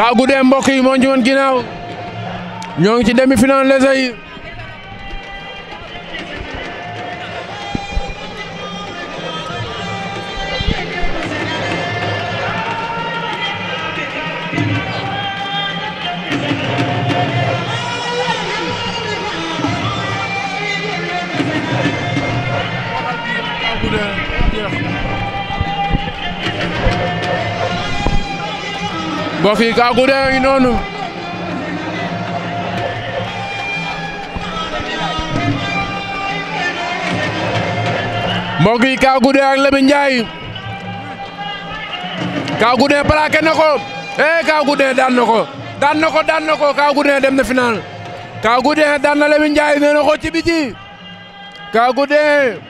kaa guddee mbokk yi moo ñu woon ginnaaw ci demi-finale lese boo fi kaagu dee noonu mbokk yi kaagu dee ak Lamine Ndiaye kaagu dee plaqué na ko eh kaagu dee daan na ko daan na ko daan na ko kaagu dee dem na final kaagu dee daan na Lamine Ndiaye